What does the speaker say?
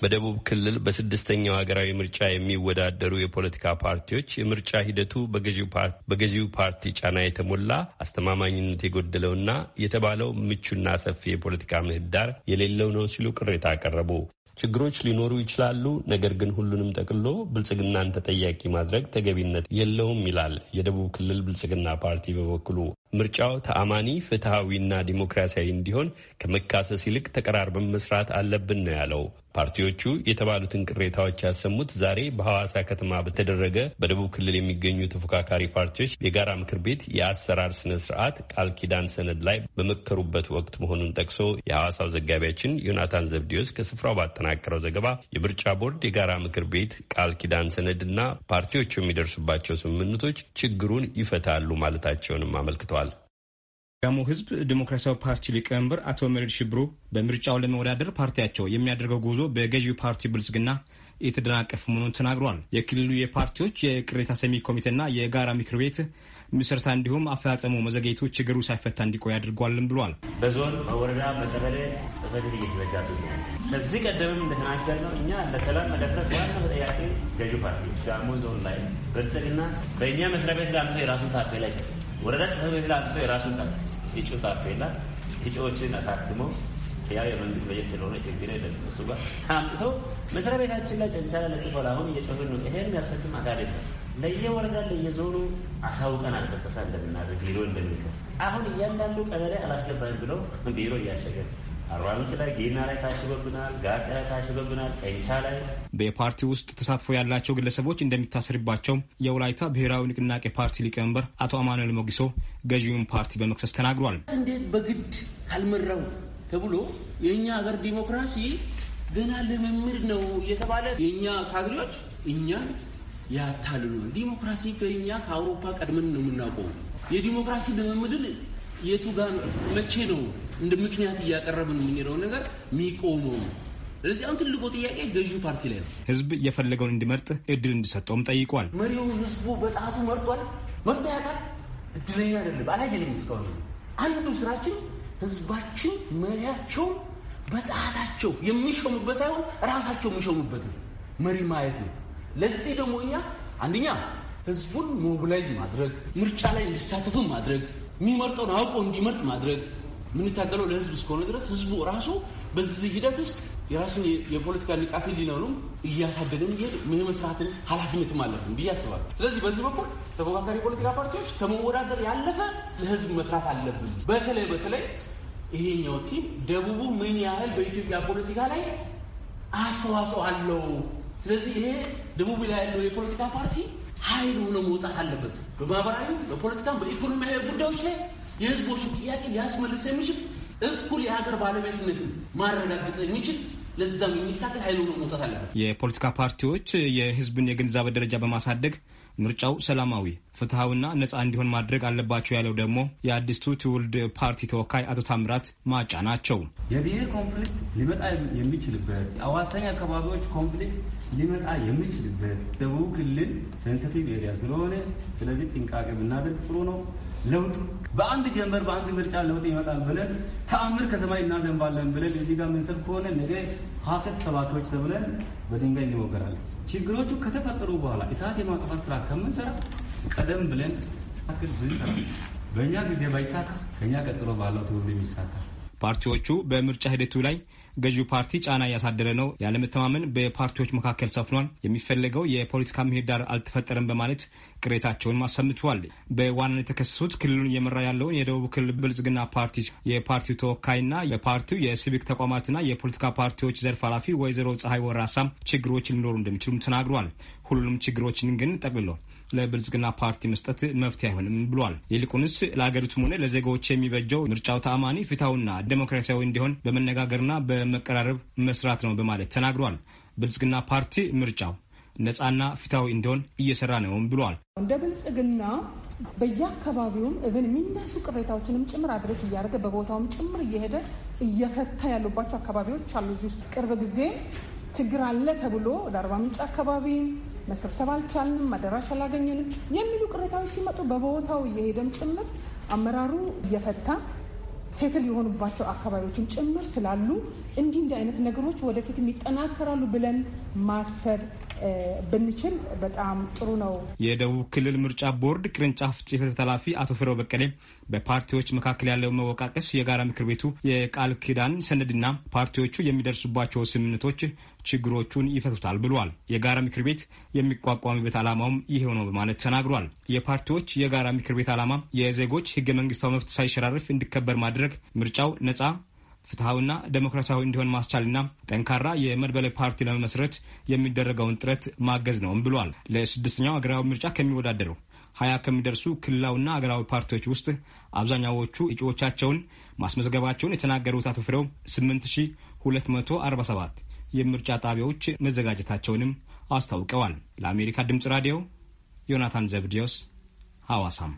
በደቡብ ክልል በስድስተኛው ሀገራዊ ምርጫ የሚወዳደሩ የፖለቲካ ፓርቲዎች የምርጫ ሂደቱ በገዢው ፓርቲ ጫና የተሞላ አስተማማኝነት የጎደለውና የተባለው ምቹና ሰፊ የፖለቲካ ምህዳር የሌለው ነው ሲሉ ቅሬታ አቀረቡ። ችግሮች ሊኖሩ ይችላሉ፣ ነገር ግን ሁሉንም ጠቅሎ ብልጽግናን ተጠያቂ ማድረግ ተገቢነት የለውም ይላል የደቡብ ክልል ብልጽግና ፓርቲ በበኩሉ ምርጫው ተአማኒ ፍትሐዊና ዲሞክራሲያዊ እንዲሆን ከመካሰስ ይልቅ ተቀራርበን መስራት አለብን ነው ያለው። ፓርቲዎቹ የተባሉትን ቅሬታዎች ያሰሙት ዛሬ በሐዋሳ ከተማ በተደረገ በደቡብ ክልል የሚገኙ ተፎካካሪ ፓርቲዎች የጋራ ምክር ቤት የአሰራር ስነ ስርዓት ቃል ኪዳን ሰነድ ላይ በመከሩበት ወቅት መሆኑን ጠቅሶ የሐዋሳው ዘጋቢያችን ዮናታን ዘብዲዮስ ከስፍራው ባጠናቀረው ዘገባ የምርጫ ቦርድ የጋራ ምክር ቤት ቃል ኪዳን ሰነድ እና ፓርቲዎቹ የሚደርሱባቸው ስምምነቶች ችግሩን ይፈታሉ ማለታቸውንም አመልክተዋል። የሲዳሞ ህዝብ ዲሞክራሲያዊ ፓርቲ ሊቀመንበር አቶ መሬድ ሽብሩ በምርጫው ለመወዳደር ፓርቲያቸው የሚያደርገው ጉዞ በገዢው ፓርቲ ብልጽግና የተደናቀፍ መሆኑን ተናግሯል። የክልሉ የፓርቲዎች የቅሬታ ሰሚ ኮሚቴና የጋራ ምክር ቤት ምስረታ እንዲሁም አፈጻጸሙ መዘግየቱ ችግሩ ሳይፈታ እንዲቆይ አድርጓልም ብሏል። በዞን በወረዳ በቀበሌ ጽሕፈት ቤት እየተዘጋብን ነው። ከዚህ ቀደምም እንደተናገር ነው እኛ ለሰላም መደፍረስ ዋና ተጠያቂ ገዢ ፓርቲ ዳሞ ዞን ላይ ብልጽግና በእኛ መስሪያ ቤት ላምቶ የራሱን ታፔ ላይ ወረዳ ጽሕፈት ቤት ላምቶ የራሱን ታፔላ እጩ ታፔላ እጩዎችን አሳትመው ያው የመንግስት በጀት ስለሆነ ችግር የለም። እሱ ጋር አምጥተው መስሪያ ቤታችን ላይ ጨንቻላ ለጥፈል አሁን እየጮህን ነው። ይሄን የሚያስፈጽም አካል የለም። ለየወረዳ ለየዞኑ አሳውቀናል ቅስቀሳ እንደምናደርግ ቢሮ እንደሚከፍት አሁን እያንዳንዱ ቀበሌ አላስገባኝ ብሎ ቢሮ እያሸገ አርባምንጭ ላይ ጌና ላይ ታሽጎብናል፣ ጋጽ ላይ ታሽጎብናል፣ ጨንቻ ላይ። በፓርቲ ውስጥ ተሳትፎ ያላቸው ግለሰቦች እንደሚታሰርባቸው የወላይታ ብሔራዊ ንቅናቄ ፓርቲ ሊቀመንበር አቶ አማኑኤል ሞጊሶ ገዢውን ፓርቲ በመክሰስ ተናግሯል። እንዴት በግድ ካልመራው ተብሎ የእኛ ሀገር ዲሞክራሲ ገና ልምምድ ነው እየተባለ የእኛ ካድሬዎች እኛን ያታልሉ። ዲሞክራሲ ከኛ ከአውሮፓ ቀድመን ነው የምናውቀው። የዲሞክራሲ ልምምድን የቱ ጋር መቼ ነው እንደ ምክንያት እያቀረብን የምንሄደው ነገር የሚቆመው? ስለዚህ አሁን ትልቁ ጥያቄ ገዢው ፓርቲ ላይ ነው። ህዝብ የፈለገውን እንዲመርጥ እድል እንዲሰጠውም ጠይቋል። መሪው ህዝቡ በጣቱ መርጧል። መርጦ ያውቃል። እድለኛ አይደለም፣ አላየንም። እስካሁን አንዱ ስራችን ህዝባችን መሪያቸውን በጣታቸው የሚሾሙበት ሳይሆን ራሳቸው የሚሾሙበት መሪ ማየት ነው። ለዚህ ደግሞ እኛ አንደኛ ህዝቡን ሞቢላይዝ ማድረግ፣ ምርጫ ላይ እንዲሳተፉ ማድረግ የሚመርጠውን አውቆ እንዲመርጥ ማድረግ የምንታገለው ለህዝብ እስከሆነ ድረስ ህዝቡ ራሱ በዚህ ሂደት ውስጥ የራሱን የፖለቲካ ንቃት ሊነውንም እያሳደገን እየሄድ ምን መስራትን ኃላፊነትም አለብን ብዬ አስባለሁ። ስለዚህ በዚህ በኩል ተፎካካሪ የፖለቲካ ፓርቲዎች ከመወዳደር ያለፈ ለህዝብ መስራት አለብን። በተለይ በተለይ ይሄኛው ቲም ደቡቡ ምን ያህል በኢትዮጵያ ፖለቲካ ላይ አስተዋጽኦ አለው። ስለዚህ ይሄ ደቡብ ላይ ያለው የፖለቲካ ፓርቲ ኃይል ሆኖ መውጣት አለበት። በማህበራዊ በፖለቲካም በኢኮኖሚያዊ ጉዳዮች ላይ የህዝቦቹ ጥያቄ ሊያስመልስ የሚችል እኩል የሀገር ባለቤትነትን ማረጋገጥ የሚችል ለዛም የሚታገል ኃይል ሆኖ መውጣት አለበት። የፖለቲካ ፓርቲዎች የህዝብን የግንዛቤ ደረጃ በማሳደግ ምርጫው ሰላማዊ ፍትሐዊና ነጻ እንዲሆን ማድረግ አለባቸው ያለው ደግሞ የአዲስቱ ትውልድ ፓርቲ ተወካይ አቶ ታምራት ማጫ ናቸው። የብሔር ኮንፍሊክት ሊመጣ የሚችልበት አዋሳኝ አካባቢዎች ኮንፍሊክት ሊመጣ የሚችልበት ደቡብ ክልል ሴንስቲቭ ኤሪያ ስለሆነ ስለዚህ ጥንቃቄ ብናደርግ ጥሩ ነው። ለውጥ በአንድ ጀንበር በአንድ ምርጫ ለውጥ ይመጣል ብለን ተአምር ከሰማይ እናዘንባለን ብለን እዚህ ጋር ምንሰብ ከሆነ ነገ ሀሰት ሰባኪዎች ተብለን በድንጋይ እንወገራለን። ችግሮቹ ከተፈጠሩ በኋላ እሳት የማጥፋት ስራ ከምንሰራ ቀደም ብለን ትክክል ብንሰራ በእኛ ጊዜ ባይሳካ ከእኛ ቀጥሎ ባለው ትውልድ የሚሳካ ፓርቲዎቹ በምርጫ ሂደቱ ላይ ገዢው ፓርቲ ጫና እያሳደረ ነው፣ ያለመተማመን በፓርቲዎች መካከል ሰፍኗል፣ የሚፈለገው የፖለቲካ ምህዳር አልተፈጠረም በማለት ቅሬታቸውን አሰምተዋል። በዋናነት የተከሰሱት ክልሉን እየመራ ያለውን የደቡብ ክልል ብልጽግና ፓርቲ የፓርቲው ተወካይና የፓርቲው የሲቪክ ተቋማትና የፖለቲካ ፓርቲዎች ዘርፍ ኃላፊ ወይዘሮ ፀሐይ ወራሳም ችግሮች ሊኖሩ እንደሚችሉም ተናግሯል። ሁሉንም ችግሮችን ግን ጠቅልሏል። ለብልጽግና ፓርቲ መስጠት መፍትሄ አይሆንም ብሏል። ይልቁንስ ለሀገሪቱም ሆነ ለዜጋዎች የሚበጀው ምርጫው ተአማኒ፣ ፍትሐዊና ዴሞክራሲያዊ እንዲሆን በመነጋገርና በመቀራረብ መስራት ነው በማለት ተናግሯል። ብልጽግና ፓርቲ ምርጫው ነፃና ፍትሐዊ እንዲሆን እየሰራ ነውም ብሏል። እንደ ብልጽግና በየአካባቢውም እብን የሚነሱ ቅሬታዎችንም ጭምር አድረስ እያደረገ በቦታውም ጭምር እየሄደ እየፈታ ያሉባቸው አካባቢዎች አሉ። እዚህ ውስጥ ቅርብ ጊዜ ችግር አለ ተብሎ ወደ አርባ ምንጭ አካባቢ መሰብሰብ አልቻልንም፣ አዳራሽ አላገኘንም የሚሉ ቅሬታዎች ሲመጡ በቦታው እየሄደም ጭምር አመራሩ እየፈታ ሴትል የሆኑባቸው አካባቢዎችን ጭምር ስላሉ እንዲህ እንዲህ አይነት ነገሮች ወደፊትም ይጠናከራሉ ብለን ማሰብ ብንችል በጣም ጥሩ ነው። የደቡብ ክልል ምርጫ ቦርድ ቅርንጫፍ ጽህፈት ቤት ኃላፊ አቶ ፍሬው በቀሌ በፓርቲዎች መካከል ያለው መወቃቀስ የጋራ ምክር ቤቱ የቃል ኪዳን ሰነድና ፓርቲዎቹ የሚደርሱባቸው ስምምነቶች ችግሮቹን ይፈቱታል ብሏል። የጋራ ምክር ቤት የሚቋቋምበት ዓላማውም ይሄው ነው በማለት ተናግሯል። የፓርቲዎች የጋራ ምክር ቤት ዓላማ የዜጎች ህገ መንግስታዊ መብት ሳይሸራርፍ እንዲከበር ማድረግ፣ ምርጫው ነጻ ፍትሐዊና ዴሞክራሲያዊ እንዲሆን ማስቻልና ጠንካራ የመድበለ ፓርቲ ለመመስረት የሚደረገውን ጥረት ማገዝ ነውም ብሏል። ለስድስተኛው ሀገራዊ ምርጫ ከሚወዳደሩ ሀያ ከሚደርሱ ክልላዊና ሀገራዊ ፓርቲዎች ውስጥ አብዛኛዎቹ እጩዎቻቸውን ማስመዝገባቸውን የተናገሩት አቶ ፍሬው 8247 የምርጫ ጣቢያዎች መዘጋጀታቸውንም አስታውቀዋል። ለአሜሪካ ድምጽ ራዲዮ ዮናታን ዘብዲዮስ ሐዋሳም